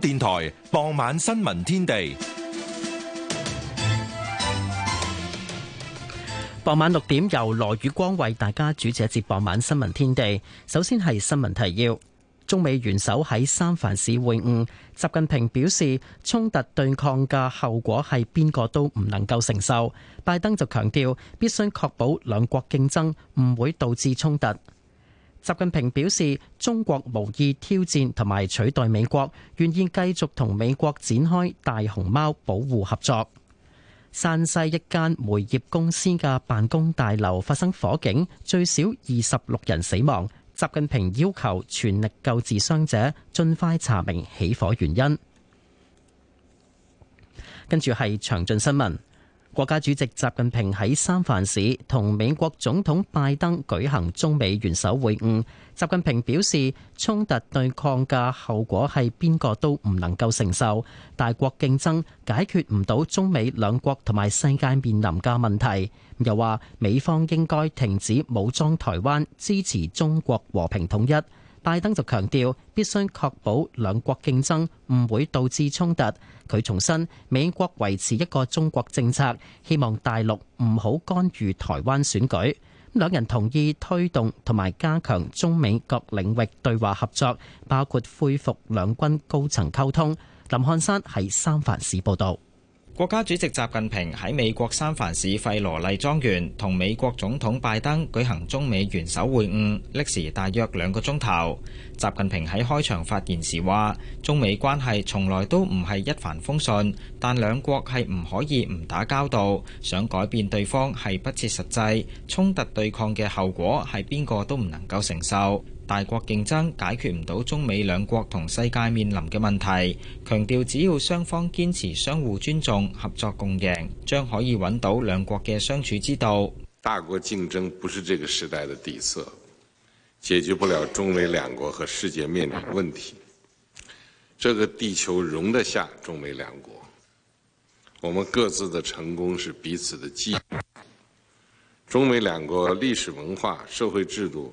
電台傍晚新聞天地，傍晚六點由羅宇光為大家主持一節傍晚新聞天地。首先係新聞提要：中美元首喺三藩市會晤，習近平表示衝突對抗嘅後果係邊個都唔能夠承受，拜登就強調必須確保兩國競爭唔會導致衝突。習近平表示，中國無意挑戰同埋取代美國，願意繼續同美國展開大熊貓保護合作。山西一間煤業公司嘅辦公大樓發生火警，最少二十六人死亡。習近平要求全力救治傷者，盡快查明起火原因。跟住係詳盡新聞。國家主席習近平喺三藩市同美國總統拜登舉行中美元首會晤。習近平表示，衝突對抗嘅後果係邊個都唔能夠承受，大國競爭解決唔到中美兩國同埋世界面臨嘅問題。又話美方應該停止武裝台灣，支持中國和平統一。拜登就強調，必須確保兩國競爭唔會導致衝突。佢重申，美國維持一個中國政策，希望大陸唔好干預台灣選舉，兩人同意推動同埋加強中美各領域對話合作，包括恢復兩軍高層溝通。林漢山喺三藩市報道。國家主席習近平喺美國三藩市費羅麗莊園同美國總統拜登舉行中美元首會晤，歷時大約兩個鐘頭。習近平喺開場發言時話：中美關係從來都唔係一帆風順，但兩國係唔可以唔打交道。想改變對方係不切實際，衝突對抗嘅後果係邊個都唔能夠承受。大國競爭解決唔到中美兩國同世界面臨嘅問題，強調只要雙方堅持相互尊重、合作共贏，將可以揾到兩國嘅相處之道。大國競爭不是這個時代嘅底色，解決不了中美兩國和世界面臨嘅問題。這個地球容得下中美兩國，我們各自的成功是彼此的機會。中美兩國歷史文化、社會制度。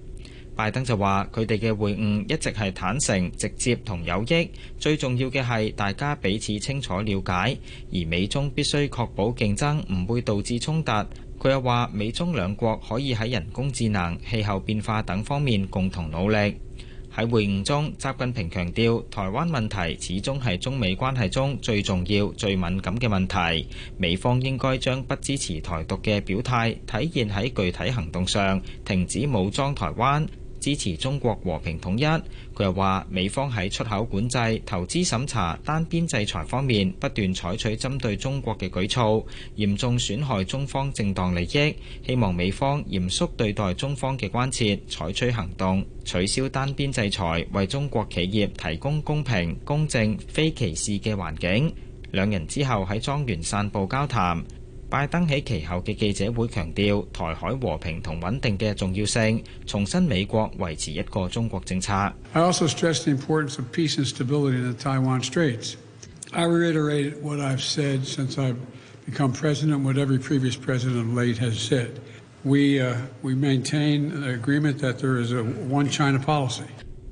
拜登就話：佢哋嘅會晤一直係坦誠、直接同有益。最重要嘅係大家彼此清楚了解，而美中必須確保競爭唔會導致衝突。佢又話：美中兩國可以喺人工智能、氣候變化等方面共同努力。喺會晤中，習近平強調，台灣問題始終係中美關係中最重要、最敏感嘅問題。美方應該將不支持台獨嘅表態體現喺具體行動上，停止武裝台灣。支持中國和平統一。佢又話，美方喺出口管制、投資審查、單邊制裁方面不斷採取針對中國嘅舉措，嚴重損害中方正當利益。希望美方嚴肅對待中方嘅關切，採取行動，取消單邊制裁，為中國企業提供公平、公正、非歧視嘅環境。兩人之後喺莊園散步交談。拜登喺其後嘅記者會強調，台海和平同穩定嘅重要性，重申美國維持一個中國政策。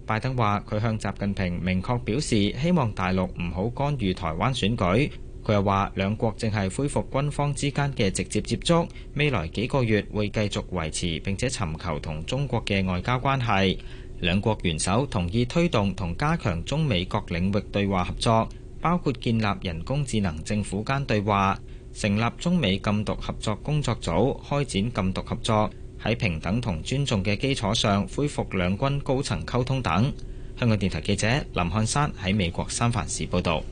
拜登話，佢向習近平明確表示，希望大陸唔好干預台灣選舉。佢又話：兩國正係恢復軍方之間嘅直接接觸，未來幾個月會繼續維持，並且尋求同中國嘅外交關係。兩國元首同意推動同加強中美各領域對話合作，包括建立人工智能政府間對話、成立中美禁毒合作工作組、開展禁毒合作，喺平等同尊重嘅基礎上恢復兩軍高層溝通等。香港電台記者林漢山喺美國三藩市報導。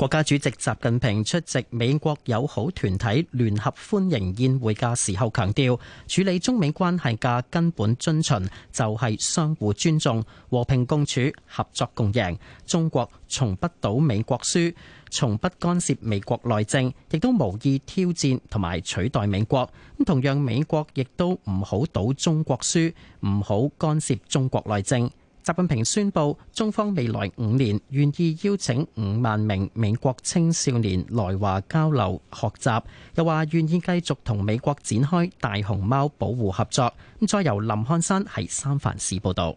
國家主席習近平出席美國友好團體聯合歡迎宴會嘅時候強調，處理中美關係嘅根本遵循就係相互尊重、和平共處、合作共贏。中國從不賭美國輸，從不干涉美國內政，亦都無意挑戰同埋取代美國。咁同樣，美國亦都唔好賭中國輸，唔好干涉中國內政。習近平宣布，中方未來五年願意邀請五萬名美國青少年來華交流學習，又話願意繼續同美國展開大熊貓保護合作。再由林漢山喺三藩市報道。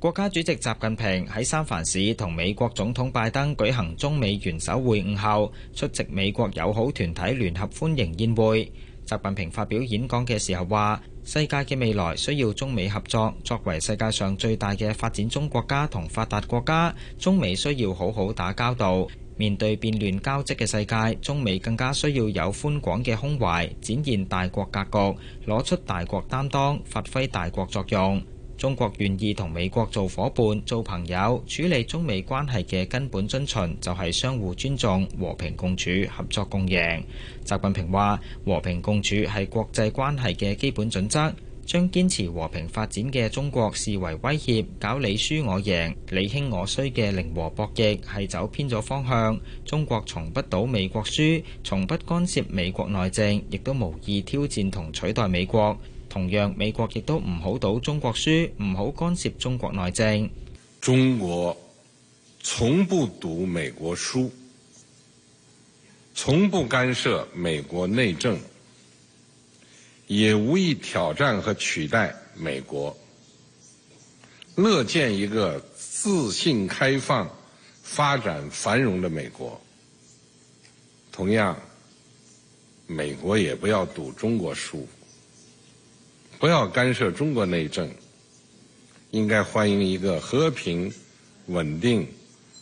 國家主席習近平喺三藩市同美國總統拜登舉行中美元首會晤後，出席美國友好團體聯合歡迎宴會。習近平發表演講嘅時候話：世界嘅未來需要中美合作。作為世界上最大嘅發展中國家同發達國家，中美需要好好打交道。面對變亂交織嘅世界，中美更加需要有寬廣嘅胸懷，展現大國格局，攞出大國擔當，發揮大國作用。中國願意同美國做伙伴、做朋友。處理中美關係嘅根本遵循就係相互尊重、和平共處、合作共贏。習近平話：和平共處係國際關係嘅基本準則。將堅持和平發展嘅中國視為威脅，搞你輸我贏、你興我衰嘅零和博弈係走偏咗方向。中國從不賭美國輸，從不干涉美國內政，亦都無意挑戰同取代美國。同樣，美國亦都唔好賭中國輸，唔好干涉中國內政。中國從不賭美國輸，從不干涉美國內政，也無意挑戰和取代美國，樂見一個自信、開放、發展、繁榮的美國。同樣，美國也不要賭中國輸。不要干涉中國內政，應該歡迎一個和平、穩定、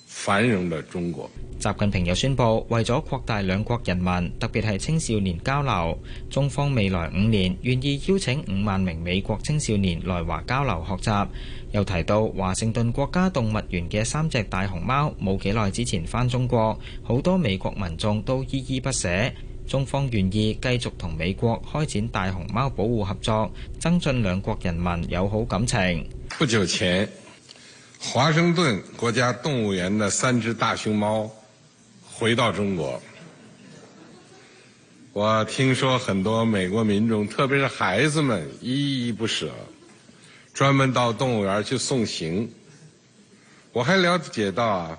繁榮的中國。習近平又宣布，為咗擴大兩國人民，特別係青少年交流，中方未來五年願意邀請五萬名美國青少年來華交流學習。又提到，華盛頓國家動物園嘅三隻大熊貓冇幾耐之前翻中國，好多美國民眾都依依不捨。中方願意繼續同美國開展大熊貓保護合作，增進兩國人民友好感情。不久前，華盛頓國家動物園的三隻大熊貓回到中國。我聽說很多美國民眾，特別是孩子們，依依不捨，專門到動物園去送行。我還了解到，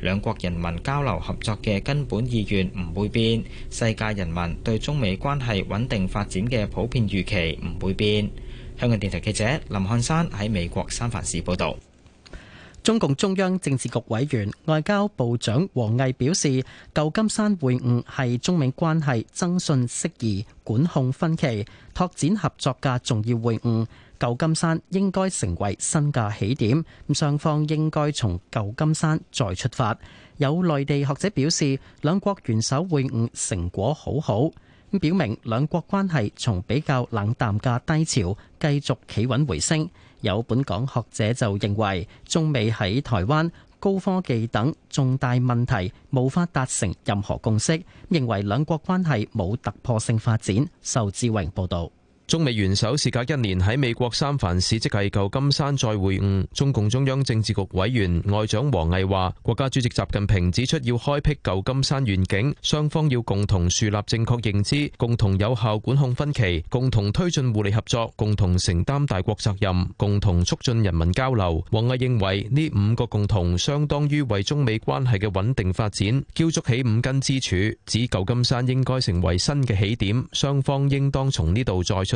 兩國人民交流合作嘅根本意願唔會變，世界人民對中美關係穩定發展嘅普遍預期唔會變。香港電台記者林漢山喺美國三藩市報道。中共中央政治局委員、外交部長王毅表示，舊金山會晤係中美關係增信釋疑、管控分歧、拓展合作嘅重要會晤。舊金山應該成為新嘅起點，咁雙方應該從舊金山再出發。有內地學者表示，兩國元首會晤成果好好，表明兩國關係從比較冷淡嘅低潮繼續企穩回升。有本港學者就認為，中美喺台灣高科技等重大問題無法達成任何共識，認為兩國關係冇突破性發展。仇志榮報導。中美元首時隔一年喺美國三藩市即係舊金山再會晤。中共中央政治局委員外長王毅話，國家主席習近平指出，要開闢舊金山願景，雙方要共同樹立正確認知，共同有效管控分歧，共同推進互利合作，共同承擔大國責任，共同促進人民交流。王毅認為呢五個共同相當於為中美關係嘅穩定發展澆築起五根支柱，指舊金山應該成為新嘅起點，雙方應當從呢度再出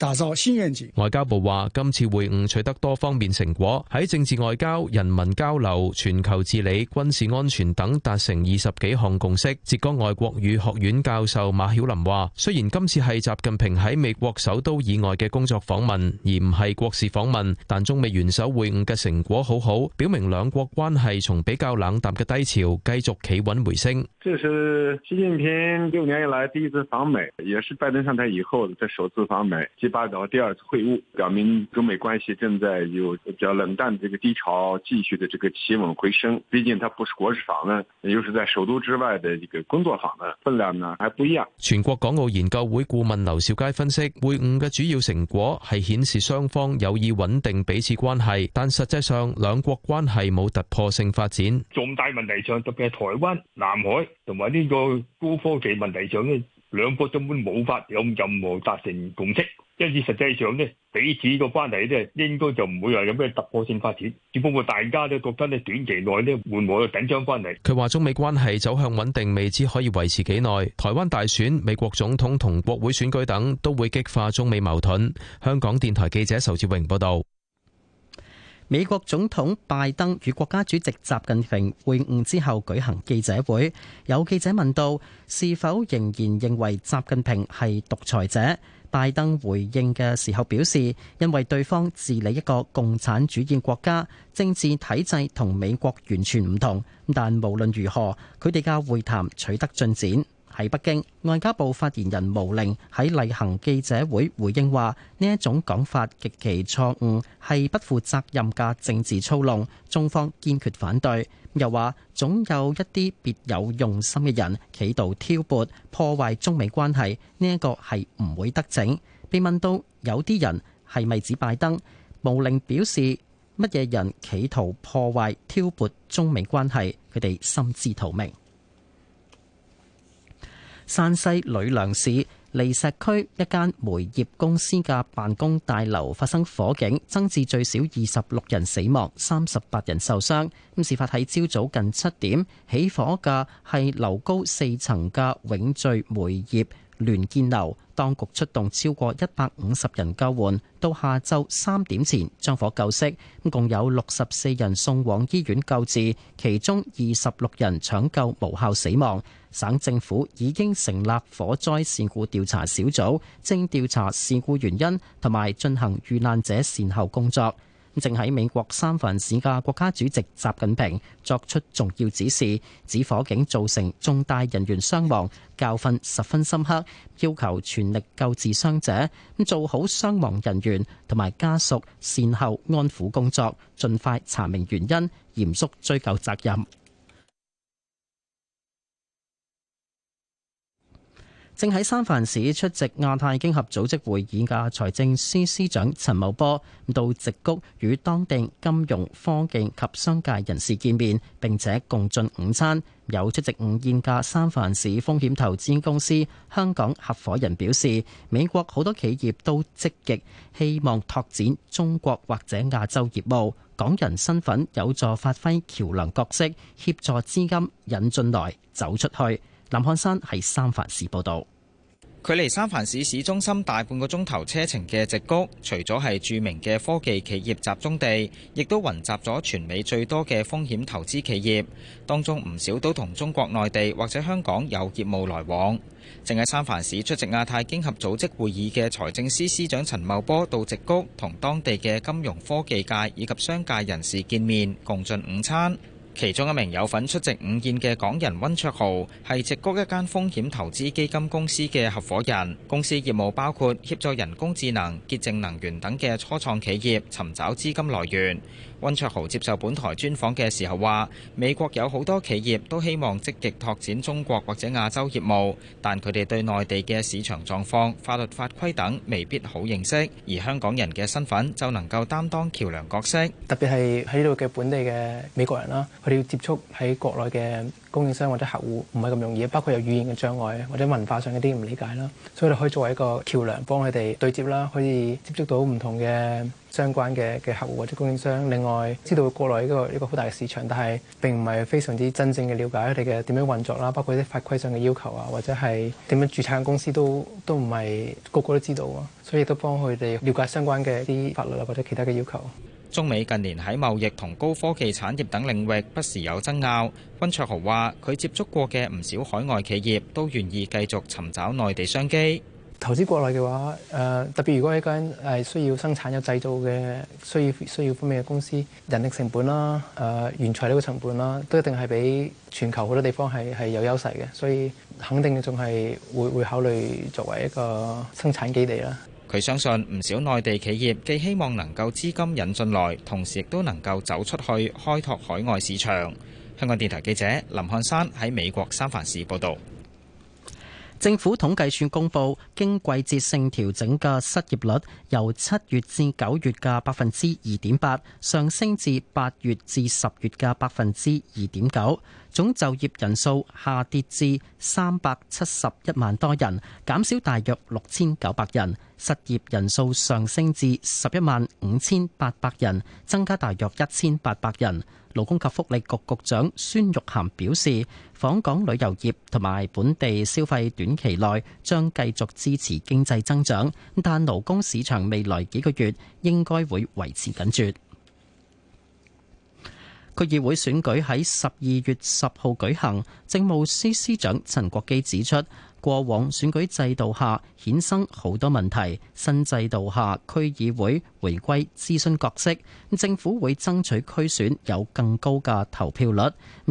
打造新願景。外交部話，今次會晤取得多方面成果，喺政治外交、人民交流、全球治理、軍事安全等達成二十幾項共識。浙江外國語學院教授馬曉林話，雖然今次係習近平喺美國首都以外嘅工作訪問，而唔係國事訪問，但中美元首會晤嘅成果好好，表明兩國關係從比較冷淡嘅低潮繼續企穩回升。這是習近平六年以來第一次訪美，也是拜登上台以後嘅首次訪美。半島第二次會晤，表明中美關係正在有比較冷淡的這個低潮，繼續的這個企穩回升。畢竟它不是國事訪問，也就是在首都之外的一個工作訪問，分量呢還不一樣。全國港澳研究會顧問劉兆佳分析，會晤嘅主要成果係顯示雙方有意穩定彼此關係，但實際上兩國關係冇突破性發展。重大問題上，特別係台灣、南海同埋呢個高科技問題上呢，兩國根本冇法有任何達成共識。因此，實際上咧，彼此個關係咧，應該就唔會話有咩突破性發展。只不過大家都覺得咧，短期內咧，會唔會緊張翻嚟？佢話：中美關係走向穩定，未知可以維持幾耐。台灣大選、美國總統同國會選舉等，都會激化中美矛盾。香港電台記者仇志榮報道。美國總統拜登與國家主席習近平會晤之後舉行記者會，有記者問到：是否仍然認為習近平係獨裁者？拜登回應嘅時候表示，因為對方治理一個共產主義國家，政治體制同美國完全唔同，但無論如何，佢哋嘅會談取得進展。喺北京，外交部發言人毛寧喺例行記者會回應話呢一種講法極其錯誤，係不負責任嘅政治操弄，中方堅決反對，又話總有一啲別有用心嘅人企圖挑撥破壞中美關係呢一、這個係唔會得逞。被問到有啲人係咪指拜登，毛寧表示乜嘢人企圖破壞挑撥中美關係，佢哋心知肚明。山西呂梁市離石區一間煤業公司嘅辦公大樓發生火警，增至最少二十六人死亡、三十八人受傷。咁事發喺朝早近七點，起火嘅係樓高四層嘅永聚煤業。聯建樓當局出動超過一百五十人救援，到下晝三點前將火救熄。共有六十四人送往醫院救治，其中二十六人搶救無效死亡。省政府已經成立火災事故調查小組，正調查事故原因同埋進行遇難者善後工作。正喺美國三藩市嘅國家主席習近平作出重要指示，指火警造成重大人員傷亡，教訓十分深刻，要求全力救治傷者，咁做好傷亡人員同埋家屬善後安撫工作，盡快查明原因，嚴肅追究責任。正喺三藩市出席亞太經合組織會議嘅財政司司長陳茂波到矽谷與當地金融、科技及商界人士見面，並且共進午餐。有出席午宴嘅三藩市風險投資公司香港合夥人表示，美國好多企業都積極希望拓展中國或者亞洲業務，港人身份有助發揮橋樑角色，協助資金引進來走出去。南漢山係三藩市報道。距離三藩市市中心大半個鐘頭車程嘅矽谷，除咗係著名嘅科技企業集中地，亦都雲集咗全美最多嘅風險投資企業，當中唔少都同中國內地或者香港有業務來往。正係三藩市出席亞太經合組織會議嘅財政司司長陳茂波到矽谷同當地嘅金融科技界以及商界人士見面，共進午餐。其中一名有份出席午宴嘅港人溫卓豪，係矽谷一間風險投資基金公司嘅合夥人，公司業務包括協助人工智能、潔淨能源等嘅初創企業尋找資金來源。温卓豪接受本台專訪嘅時候話：美國有好多企業都希望積極拓展中國或者亞洲業務，但佢哋對內地嘅市場狀況、法律法規等未必好認識，而香港人嘅身份就能夠擔當橋梁角色。特別係喺呢度嘅本地嘅美國人啦，佢哋要接觸喺國內嘅供應商或者客戶唔係咁容易，包括有語言嘅障礙或者文化上啲唔理解啦，所以你可以作為一個橋梁幫佢哋對接啦，可以接觸到唔同嘅相關嘅嘅客戶或者供應商。另外知道國內一個一個好大嘅市場，但係並唔係非常之真正嘅了解佢哋嘅點樣運作啦，包括啲法規上嘅要求啊，或者係點樣註冊公司都都唔係個個都知道啊，所以都幫佢哋了解相關嘅啲法律啊或者其他嘅要求。中美近年喺貿易同高科技產業等領域不時有爭拗，温卓豪話，佢接觸過嘅唔少海外企業都願意繼續尋找內地商機。投資國內嘅話，誒、呃、特別如果一間誒需要生產有製造嘅需要需要方面嘅公司，人力成本啦，誒、呃、原材料嘅成本啦，都一定係比全球好多地方係係有優勢嘅，所以肯定仲係會會考慮作為一個生產基地啦。佢相信唔少內地企業既希望能夠資金引進來，同時亦都能夠走出去，開拓海外市場。香港電台記者林漢山喺美國三藩市報道。政府統計處公布，經季節性調整嘅失業率由七月至九月嘅百分之二點八上升至八月至十月嘅百分之二點九。總就業人數下跌至三百七十一萬多人，減少大約六千九百人；失業人數上升至十一萬五千八百人，增加大約一千八百人。勞工及福利局局，局長孫玉菡表示。訪港旅遊業同埋本地消費短期內將繼續支持經濟增長，但勞工市場未來幾個月應該會維持緊絀。區議會選舉喺十二月十號舉行，政務司司長陳國基指出。過往選舉制度下衍生好多問題，新制度下區議會回歸諮詢角色，政府會爭取區選有更高嘅投票率，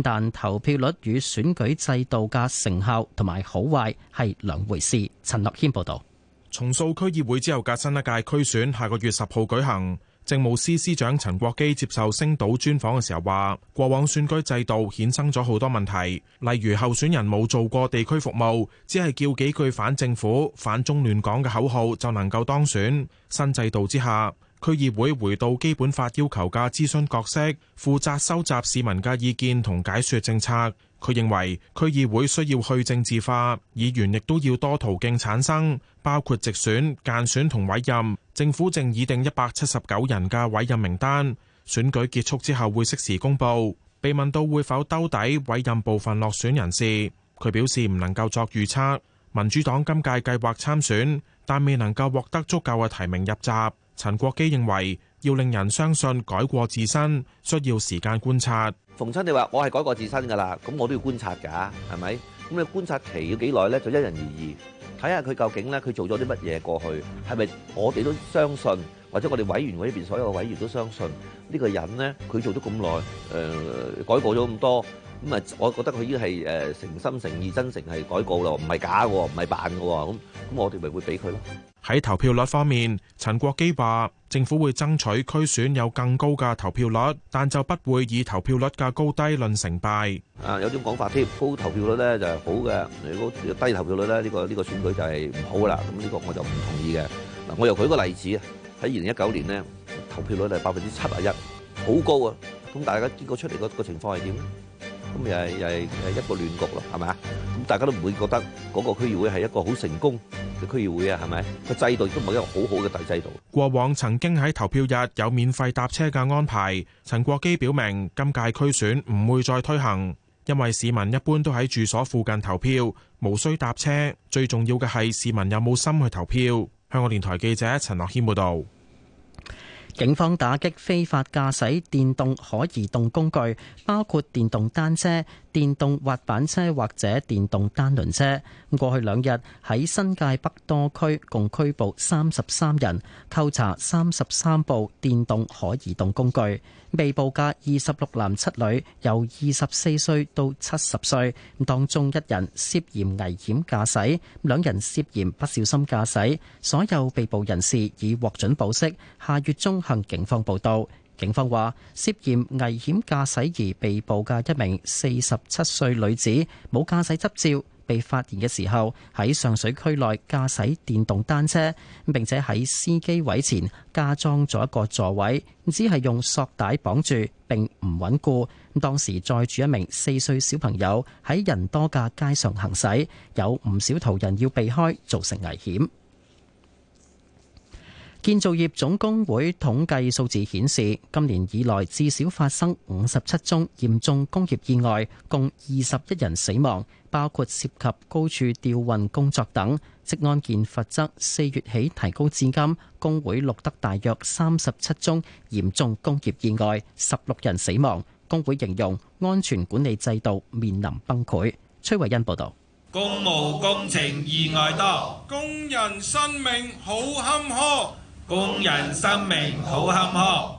但投票率與選舉制度嘅成效同埋好壞係兩回事。陳樂軒報導，重塑區議會之後嘅新一屆區選下個月十號舉行。政務司司長陳國基接受星島專訪嘅時候話：過往選舉制度衍生咗好多問題，例如候選人冇做過地區服務，只係叫幾句反政府、反中亂港嘅口號就能夠當選。新制度之下，區議會回到基本法要求嘅諮詢角色，負責收集市民嘅意見同解說政策。佢認為區議會需要去政治化，議員亦都要多途徑產生，包括直選、間選同委任。政府正擬定一百七十九人嘅委任名單，選舉結束之後會適時公布。被問到會否兜底委任部分落選人士，佢表示唔能夠作預測。民主黨今屆計劃參選，但未能夠獲得足夠嘅提名入閘。陳國基認為，要令人相信改過自新需要時間觀察。逢親，你話我係改過自新噶啦，咁我都要觀察噶，係咪？咁你觀察期要幾耐咧？就因人而異。睇下佢究竟咧，佢做咗啲乜嘢過去？係咪我哋都相信，或者我哋委員會呢邊所有嘅委員都相信呢、呢個人咧？佢做咗咁耐，誒、呃，改過咗咁多。咁啊，我覺得佢已經係誒誠心誠意真誠係改告咯，唔係假嘅，唔係扮嘅。咁咁我哋咪會俾佢咯。喺投票率方面，陳國基話：政府會爭取區選有更高嘅投票率，但就不會以投票率嘅高低論成敗。啊，有種講法添，高投票率咧就係好嘅；如果低投票率咧，呢個呢個選舉就係唔好啦。咁呢個我就唔同意嘅。嗱，我又舉個例子啊。喺二零一九年咧，投票率係百分之七十一，好高啊。咁大家結果出嚟嗰個情況係點咧？咁又係又係一個亂局咯，係咪啊？咁大家都唔會覺得嗰個區議會係一個好成功嘅區議會啊，係咪？個制度都唔係一個好好嘅大制度。過往曾經喺投票日有免費搭車嘅安排，陳國基表明今屆區選唔會再推行，因為市民一般都喺住所附近投票，無需搭車。最重要嘅係市民有冇心去投票。香港電台記者陳樂軒報道。警方打擊非法駕駛電動可移動工具，包括電動單車、電動滑板車或者電動單輪車。過去兩日喺新界北多區共拘捕三十三人，扣查三十三部電動可移動工具。被捕嘅二十六男七女，由二十四歲到七十歲，當中一人涉嫌危險駕駛，兩人涉嫌不小心駕駛。所有被捕人士已獲准保釋，下月中向警方報道，警方話涉嫌危險駕駛而被捕嘅一名四十七歲女子冇駕駛執照，被發現嘅時候喺上水區內駕駛電動單車，並且喺司機位前加裝咗一個座位，只係用索帶綁住並唔穩固。當時載住一名四歲小朋友喺人多嘅街上行駛，有唔少途人要避開，造成危險。建造業總工會統計數字顯示，今年以來至少發生五十七宗嚴重工業意外，共二十一人死亡，包括涉及高處吊運工作等。職安健罰則四月起提高至今，工會錄得大約三十七宗嚴重工業意外，十六人死亡。工會形容安全管理制度面臨崩潰。崔偉恩報導。工務工程意外多，工人生命好坎坷。工人生命好坎坷。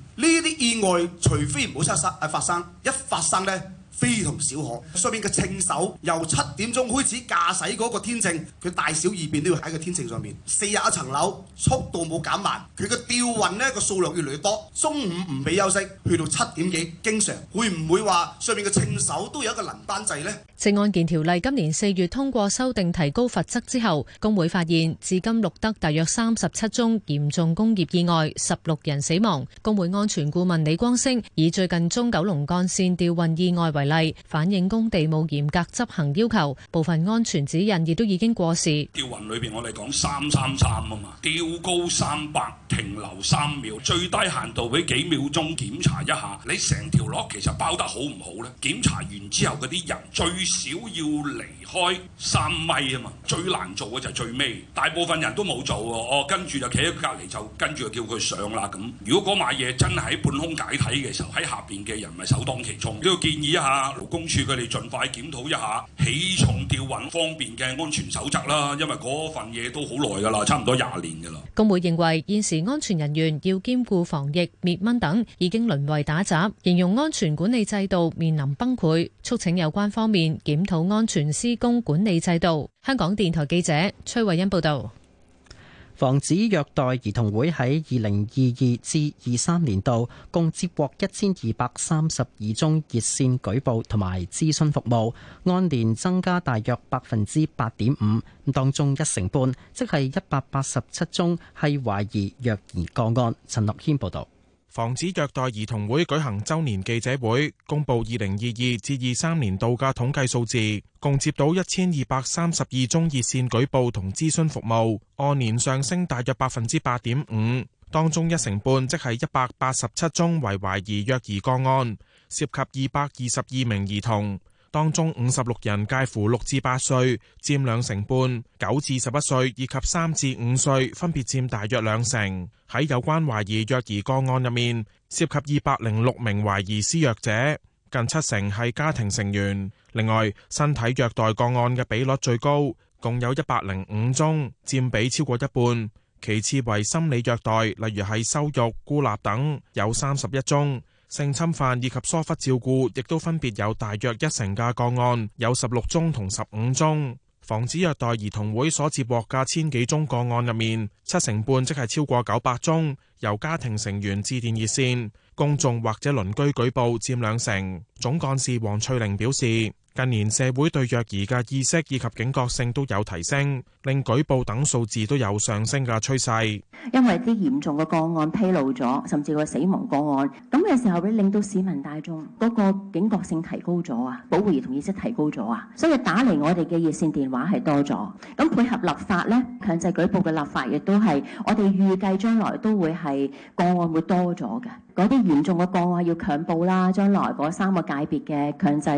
呢啲意外，除非唔好出生啊發生，一發生咧。非同小可，上面嘅稱手由七點鐘開始駕駛嗰個天秤，佢大小二便都要喺個天秤上面。四廿一層樓，速度冇減慢，佢嘅吊運呢個數量越嚟越多。中午唔俾休息，去到七點幾，經常會唔會話上面嘅稱手都有一個輪班制呢？《職安健條例》今年四月通過修訂提高罰則之後，工會發現至今錄得大約三十七宗嚴重工業意外，十六人死亡。工會安全顧問李光升以最近中九龍幹線吊運意外為例。反映工地冇嚴格執行要求，部分安全指引亦都已經過時。吊運裏邊我哋講三三三啊嘛，吊高三百，停留三秒，最低限度俾幾秒鐘檢查一下，你成條落其實包得好唔好咧？檢查完之後，嗰啲人最少要離開三米啊嘛。最難做嘅就係最尾，大部分人都冇做喎。我跟住就企喺隔離就跟住就叫佢上啦咁。如果嗰買嘢真係喺半空解體嘅時候，喺下邊嘅人咪首當其衝。呢個建議一下勞工處佢哋盡快檢討一下起重吊運方面嘅安全守則啦，因為嗰份嘢都好耐噶啦，差唔多廿年噶啦。工會認為，現時安全人員要兼顧防疫、滅蚊等，已經淪為打雜，形容安全管理制度面臨崩潰，促請有關方面檢討安全施工管理制度。香港電台記者崔慧欣報道。防止虐待兒童會喺二零二二至二三年度共接獲一千二百三十二宗熱線舉報同埋諮詢服務，按年增加大約百分之八點五。當中一成半，即係一百八十七宗，係懷疑虐兒個案。陳樂軒報道。防止虐待兒童會舉行周年記者會，公布二零二二至二三年度嘅統計數字，共接到一千二百三十二宗熱線舉報同諮詢服務，按年上升大約百分之八點五，當中一成半即係一百八十七宗為懷疑虐兒個案，涉及二百二十二名兒童。當中五十六人介乎六至八歲，佔兩成半；九至十一歲以及三至五歲分別佔大約兩成。喺有關懷疑虐兒個案入面，涉及二百零六名懷疑施虐者，近七成係家庭成員。另外，身體虐待個案嘅比率最高，共有一百零五宗，佔比超過一半。其次為心理虐待，例如係羞辱、孤立等，有三十一宗。性侵犯以及疏忽照顧，亦都分別有大約一成嘅個案，有十六宗同十五宗。防止虐待兒童會所接獲嘅千幾宗個案入面，七成半即係超過九百宗，由家庭成員致電熱線，公眾或者鄰居舉報佔兩成。總幹事黃翠玲表示。近年社會對虐兒嘅意識以及警覺性都有提升，令舉報等數字都有上升嘅趨勢。因為啲嚴重嘅個案披露咗，甚至個死亡個案，咁嘅時候會令到市民大眾嗰個警覺性提高咗啊，保護兒童意識提高咗啊，所以打嚟我哋嘅熱線電話係多咗。咁配合立法咧，強制舉報嘅立法亦都係我哋預計將來都會係個案會多咗嘅。嗰啲嚴重嘅個案要強報啦，將來嗰三個界別嘅強制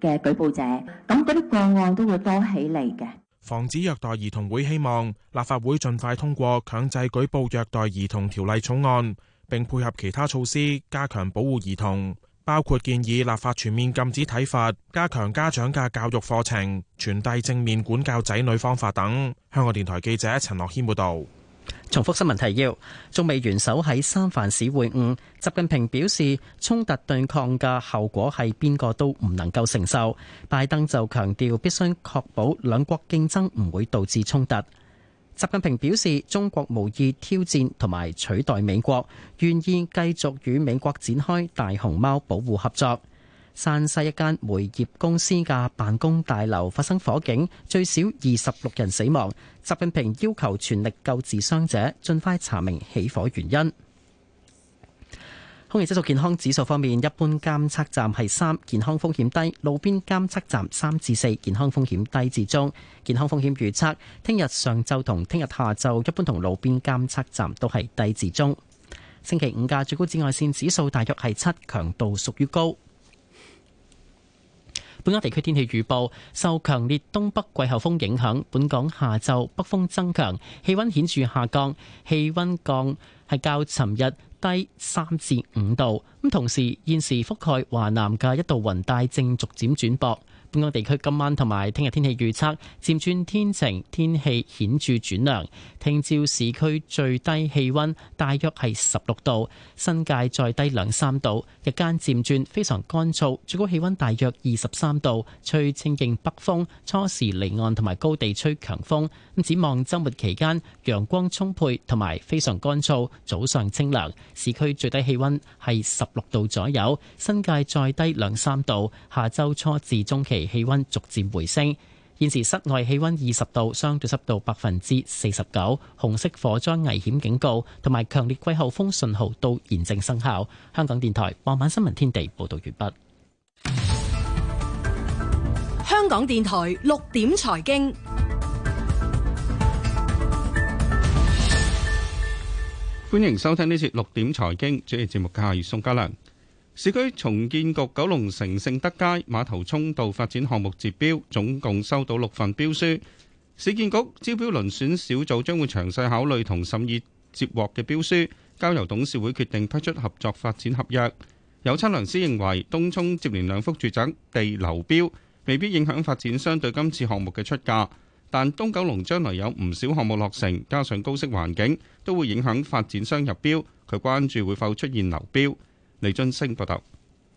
嘅舉報者，咁嗰啲個案都會多起嚟嘅。防止虐待兒童會希望立法會盡快通過強制舉報虐待兒童條例草案，並配合其他措施加強保護兒童，包括建議立法全面禁止體罰，加強家長嘅教育課程，傳遞正面管教仔女方法等。香港電台記者陳樂軒報導。重複新聞提要：中美元首喺三藩市會晤，習近平表示衝突對抗嘅後果係邊個都唔能夠承受。拜登就強調必須確保兩國競爭唔會導致衝突。習近平表示中國無意挑戰同埋取代美國，願意繼續與美國展開大熊貓保護合作。山西一間煤業公司嘅辦公大樓發生火警，最少二十六人死亡。習近平要求全力救治傷者，盡快查明起火原因。空氣質素健康指數方面，一般監測站係三，健康風險低；路邊監測站三至四，健康風險低至中。健康風險預測：聽日上晝同聽日下晝，一般同路邊監測站都係低至中。星期五嘅最高紫外線指數大約係七，強度屬於高。本港地區天氣預報，受強烈東北季候風影響，本港下晝北風增強，氣溫顯著下降，氣溫降係較尋日低三至五度。咁同時，現時覆蓋華南嘅一道雲帶正逐漸轉薄。本港地區今晚同埋聽日天氣預測漸轉天晴，天氣顯著轉涼。聽朝市區最低氣溫大約係十六度，新界再低兩三度。日間漸轉非常乾燥，最高氣溫大約二十三度，吹清勁北風，初時離岸同埋高地吹強風。咁展望週末期間，陽光充沛同埋非常乾燥，早上清涼，市區最低氣溫係十六度左右，新界再低兩三度。下週初至中期，氣溫逐漸回升，現時室外氣溫二十度，相對濕度百分之四十九，紅色火災危險警告同埋強烈季候風信號都現正生效。香港電台傍晚新聞天地報道完畢。香港電台六點財經，歡迎收聽呢次六點財經主持節目嘅係宋嘉良。市區重建局九龍城盛德街馬頭涌道發展項目截標，總共收到六份標書。市建局招標輪選小組將會詳細考慮同審議接獲嘅標書，交由董事會決定批出合作發展合約。有測量師認為東涌接連兩幅住宅地流標，未必影響發展商對今次項目嘅出價。但東九龍將來有唔少項目落成，加上高息環境，都會影響發展商入標。佢關注會否出現流標。李俊升報道。多多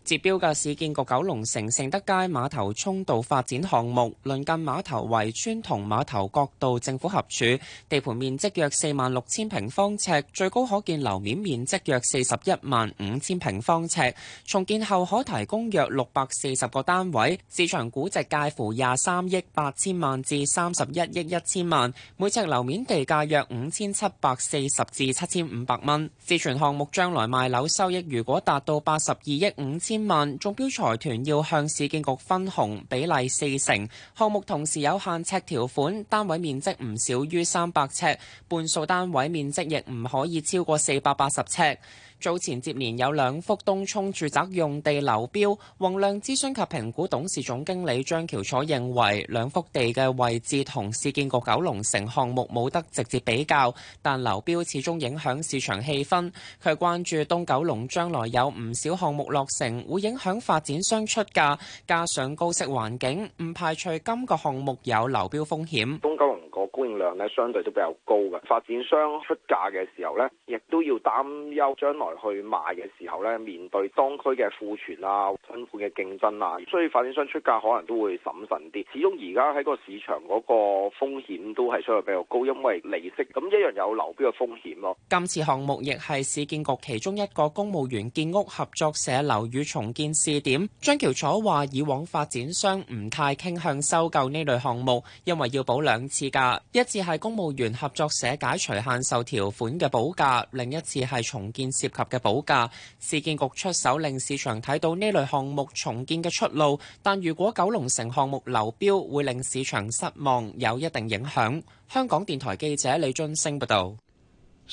截標嘅市建局九龍城盛德街馬頭涌道發展項目，鄰近馬頭圍村同馬頭角道政府合署，地盤面積約四萬六千平方尺，最高可建樓面面積約四十一萬五千平方尺，重建後可提供約六百四十個單位，市場估值介乎廿三億八千萬至三十一億一千萬，每尺樓面地價約五千七百四十至七千五百蚊。自存項目將來賣樓收益，如果達到八十二億五千萬中標財團要向市建局分紅比例四成，項目同時有限尺條款，單位面積唔少於三百尺，半數單位面積亦唔可以超過四百八十尺。早前接連有兩幅東涌住宅用地流標，宏亮諮詢及評估董事總經理張喬楚認為，兩幅地嘅位置同市建局九龍城項目冇得直接比較，但流標始終影響市場氣氛。佢關注東九龍將來有唔少項目落成，會影響發展商出價，加上高息環境，唔排除今個項目有流標風險。東九龍個供應量呢，相對都比較高嘅，發展商出價嘅時候呢，亦都要擔憂將來去賣嘅時候呢，面對當區嘅庫存啊、新款嘅競爭啊，所以發展商出價可能都會審慎啲。始終而家喺個市場嗰個風險都係相對比較高，因為利息，咁一樣有流標嘅風險咯。今次項目亦係市建局其中一個公務員建屋合作社樓宇重建試點。張橋楚話：以往發展商唔太傾向收購呢類項目，因為要補兩次價。一次係公務員合作社解除限售條款嘅補價，另一次係重建涉及嘅補價。市建局出手令市場睇到呢類項目重建嘅出路，但如果九龍城項目流標，會令市場失望，有一定影響。香港電台記者李津升報道。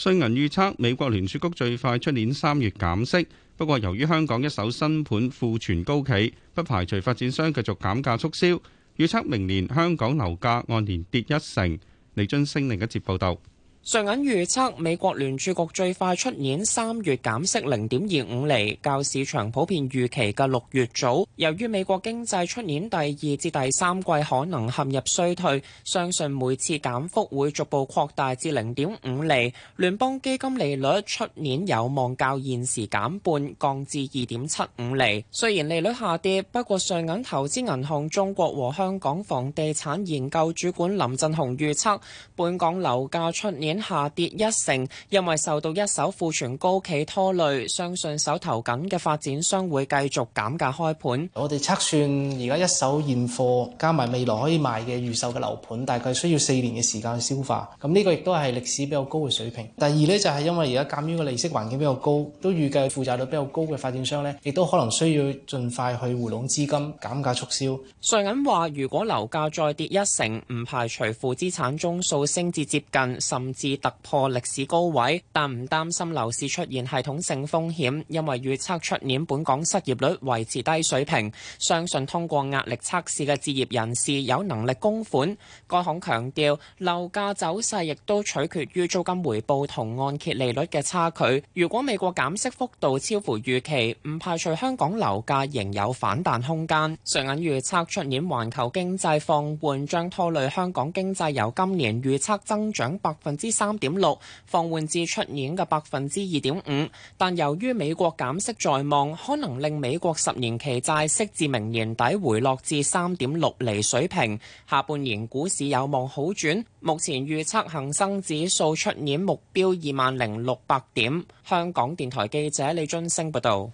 瑞銀預測美國聯儲局最快出年三月減息，不過由於香港一手新盤庫存高企，不排除發展商繼續減價促銷。預測明年香港樓價按年跌一成。李津升另一節報道。瑞銀預測美國聯儲局最快出年三月減息零點二五厘，較市場普遍預期嘅六月早。由於美國經濟出年第二至第三季可能陷入衰退，相信每次減幅會逐步擴大至零點五厘。聯邦基金利率出年有望較現時減半，降至二點七五厘。雖然利率下跌，不過瑞銀投資銀行中國和香港房地產研究主管林振雄預測，本港樓價出年下跌一成，因為受到一手庫存高企拖累，相信手頭緊嘅發展商會繼續減價開盤。我哋測算而家一手現貨加埋未來可以賣嘅預售嘅樓盤，大概需要四年嘅時間去消化。咁、這、呢個亦都係歷史比較高嘅水平。第二咧就係因為而家鑒於個利息環境比較高，都預計負債率比較高嘅發展商咧，亦都可能需要盡快去回籠資金，減價促銷。瑞銀話，如果樓價再跌一成，唔排除負資產宗數升至接近甚至。已突破歷史高位，但唔擔心樓市出現系統性風險，因為預測出年本港失業率維持低水平，相信通過壓力測試嘅置業人士有能力供款。該行強調樓價走勢亦都取決於租金回報同按揭利率嘅差距。如果美國減息幅度超乎預期，唔排除香港樓價仍有反彈空間，上銀預測出年環球經濟放緩將拖累香港經濟由今年預測增長百分之。三點六放緩至出年嘅百分之二點五，但由於美國減息在望，可能令美國十年期債息至明年底回落至三點六厘水平。下半年股市有望好轉，目前預測恒生指數出年目標二萬零六百點。香港電台記者李津升報道：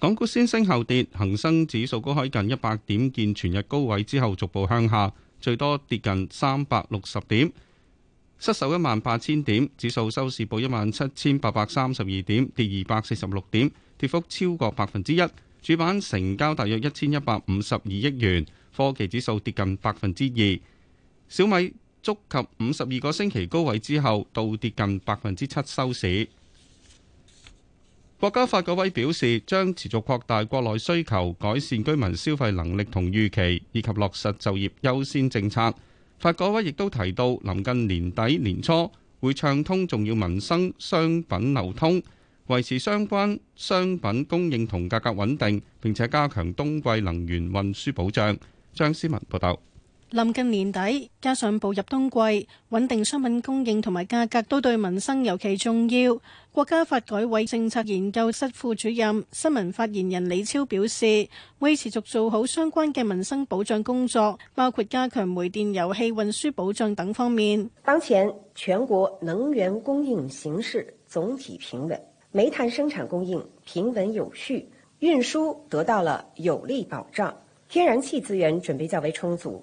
港股先升後跌，恒生指數高開近一百點，見全日高位之後逐步向下，最多跌近三百六十點。失守一萬八千點，指數收市報一萬七千八百三十二點，跌二百四十六點，跌幅超過百分之一。主板成交大約一千一百五十二億元，科技指數跌近百分之二。小米觸及五十二個星期高位之後，倒跌近百分之七收市。國家發改委表示，將持續擴大國內需求，改善居民消費能力同預期，以及落實就業優先政策。發改委亦都提到，臨近年底年初會暢通重要民生商品流通，維持相關商品供應同價格穩定，並且加強冬季能源運輸保障。張思文報道。臨近年底，加上步入冬季，穩定商品供應同埋價格都對民生尤其重要。國家發改委政策研究室副主任、新聞發言人李超表示，會持續做好相關嘅民生保障工作，包括加強煤電油氣運輸保障等方面。當前全國能源供應形勢總體平穩，煤炭生產供應平穩有序，運輸得到了有力保障，天然氣資源準備較為充足。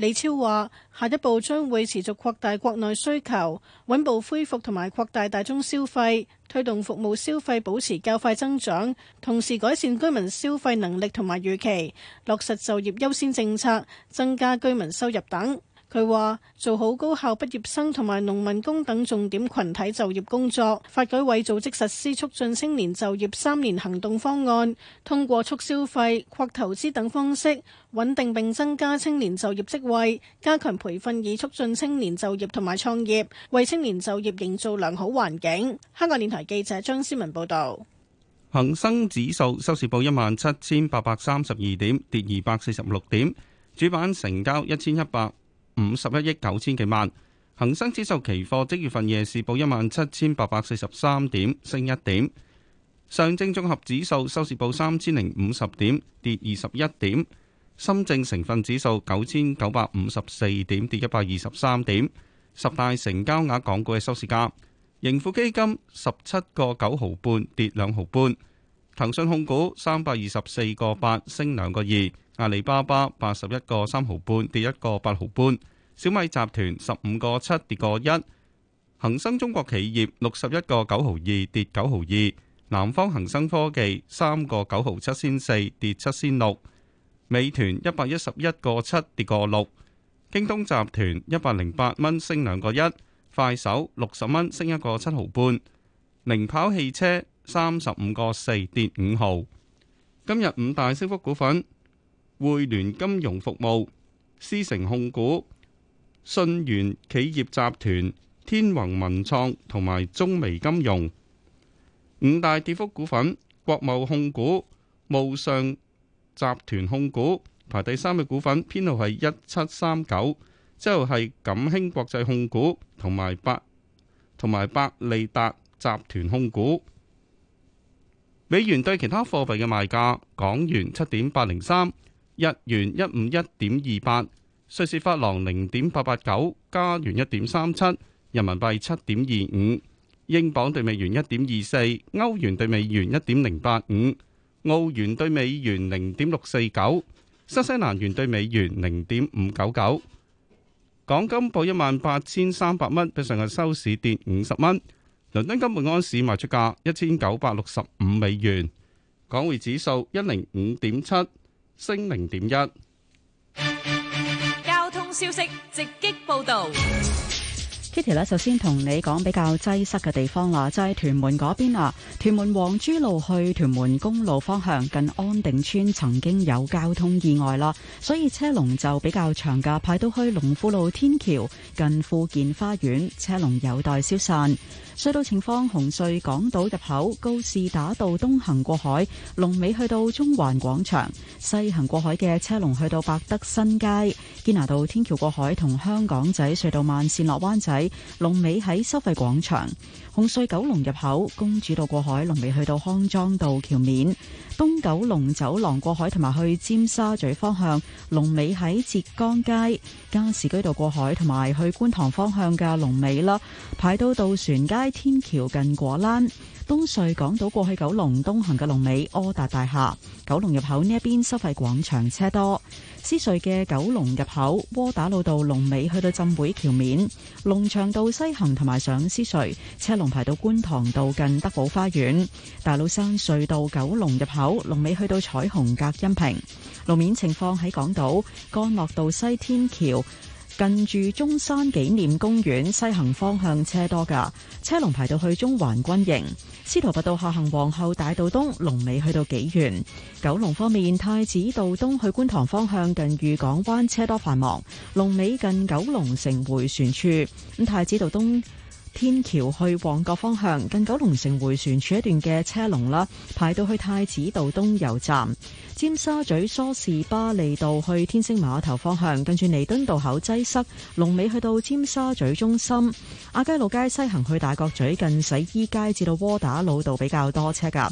李超話：下一步將會持續擴大國內需求，穩步恢復同埋擴大大宗消費，推動服務消費保持較快增長，同時改善居民消費能力同埋預期，落實就業優先政策，增加居民收入等。佢話：做好高校畢業生同埋農民工等重點群體就業工作。發改委組織實施促進青年就業三年行動方案，通過促消費、擴投資等方式穩定並增加青年就業職位，加強培訓以促進青年就業同埋創業，為青年就業營造良好環境。香港電台記者張思文報導。恒生指數收市報一萬七千八百三十二點，跌二百四十六點。主板成交一千一百五十一億九千幾萬，恒生指數期貨即月份夜市報一萬七千八百四十三點，升一點。上證綜合指數收市報三千零五十點，跌二十一點。深證成分指數九千九百五十四點，跌一百二十三點。十大成交額港股嘅收市價，盈富基金十七個九毫半，跌兩毫半。騰訊控股三百二十四個八升兩個二，阿里巴巴八十一個三毫半跌一個八毫半，小米集團十五個七跌個一，恒生中國企業六十一個九毫二跌九毫二，南方恒生科技三個九毫七先四跌七先六，美團一百一十一個七跌個六，京東集團一百零八蚊升兩個一，快手六十蚊升一個七毫半，零跑汽車。三十五個四跌五毫。今日五大升幅股份：匯聯金融服務、思城控股、信源企業集團、天宏文創同埋中微金融。五大跌幅股份：國貿控股、慕尚集團控股。排第三嘅股份編號係一七三九，之後係錦興國際控股同埋百同埋百利達集團控股。美元對其他貨幣嘅賣價：港元七點八零三，日元一五一點二八，瑞士法郎零點八八九，加元一點三七，人民幣七點二五，英鎊對美元一點二四，歐元對美元一點零八五，澳元對美元零點六四九，新西蘭元對美元零點五九九。港金報一萬八千三百蚊，比上日收市跌五十蚊。倫敦金每安市賣出價一千九百六十五美元，港匯指數一零五點七升零點一。交通消息直擊報道，Kitty 咧就先同你講比較擠塞嘅地方啦。就喺、是、屯門嗰邊啦，屯門黃珠路去屯門公路方向近安定村，曾經有交通意外啦，所以車龍就比較長噶，排到去龍富路天橋近富健花園，車龍有待消散。隧道情況：紅隧港島入口高士打道東行過海，龍尾去到中環廣場；西行過海嘅車龍去到百德新街。堅拿道天橋過海同香港仔隧道慢線落灣仔，龍尾喺收費廣場。紅隧九龍入口公主道過海，龍尾去到康莊道橋面。東九龍走廊過海同埋去尖沙咀方向，龍尾喺浙江街，加士居道過海同埋去觀塘方向嘅龍尾啦，排到渡船街天橋近果欄。東隧港島過去九龍東行嘅龍尾柯達大廈，九龍入口呢一邊收費廣場車多。獅隧嘅九龍入口窩打老道龍尾去到浸會橋面，龍翔道西行同埋上獅隧車龍排到觀塘道近德寶花園，大老山隧道九龍入口龍尾去到彩虹隔音屏路面情況喺港島干諾道西天橋。近住中山紀念公園西行方向車多㗎，車龍排到去中環軍營。司徒拔道下行皇后大道東龍尾去到紀元。九龍方面太子道東去觀塘方向近御港灣車多繁忙，龍尾近九龍城回旋處。咁太子道東。天橋去旺角方向，近九龍城回旋處一段嘅車龍啦，排到去太子道東油站；尖沙咀梳士巴利道去天星碼頭方向，近住彌敦道口擠塞，龍尾去到尖沙咀中心；亞皆老街西行去大角咀近洗衣街至到窩打老道比較多車噶。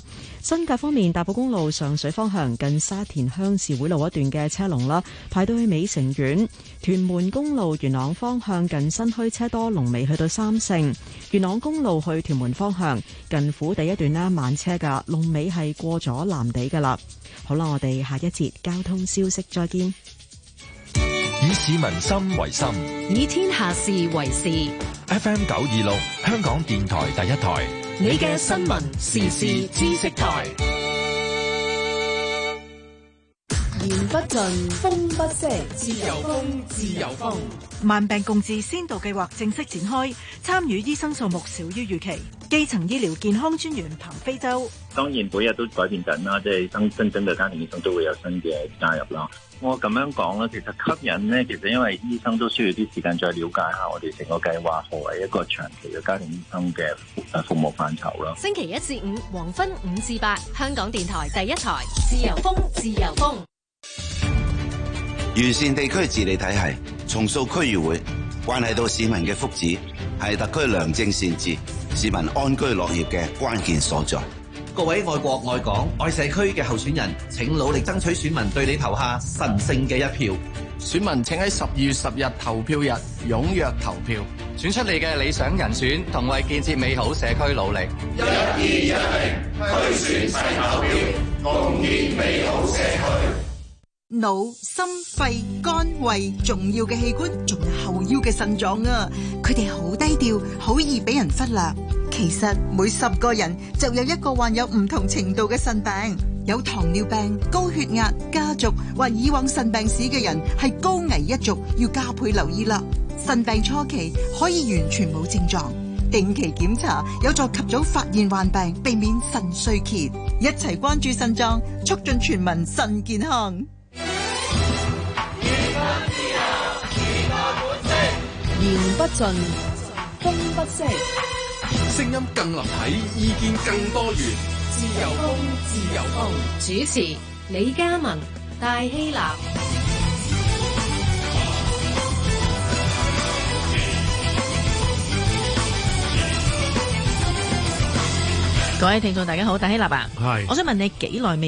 新界方面，大埔公路上水方向近沙田鄉事會路一段嘅車龍啦，排到去美城苑；屯門公路元朗方向近新墟車多，龍尾去到三聖；元朗公路去屯門方向近虎地一段啦，慢車噶，龍尾係過咗藍地噶啦。好啦，我哋下一節交通消息再見。以市民心為心，以天下事為事。FM 九二六，香港電台第一台。你嘅新聞時事知識台，言不盡，風不息，自由風，自由風。慢病共治先導計劃正式展開，參與醫生數目少於預期。基層醫療健康專員彭飛舟，當然每日都改變緊啦，即係新新增嘅家庭醫生都會有新嘅加入啦。我咁樣講咧，其實吸引咧，其實因為醫生都需要啲時間再了解下，我哋成個計劃何為一個長期嘅家庭醫生嘅誒服務範疇咯。星期一至五，黃昏五至八，香港電台第一台，自由風，自由風。完善地區治理體系，重塑區議會，關係到市民嘅福祉，係特區良政善治、市民安居樂業嘅關鍵所在。各位愛國愛港愛社區嘅候選人，請努力爭取選民對你投下神聖嘅一票。選民請喺十二月十日投票日踊躍投票，選出你嘅理想人選，同為建設美好社區努力。一、二、一、零，推選誓投票，共建美好社區。腦、心、肺、肝、胃重要嘅器官，仲有後腰嘅腎臟啊！佢哋好低調，好易俾人忽略。其實每十個人就有一個患有唔同程度嘅腎病，有糖尿病、高血壓、家族或以往腎病史嘅人係高危一族，要加倍留意啦。腎病初期可以完全冇症狀，定期檢查有助及早發現患病，避免腎衰竭。一齊關注腎臟，促進全民腎健康。言不盡，風不息。聲音更立體，意見更多元。自由風，自由風。主持李嘉文，戴希立。各位聽眾，大家好，戴希立啊，係，我想問你幾耐未？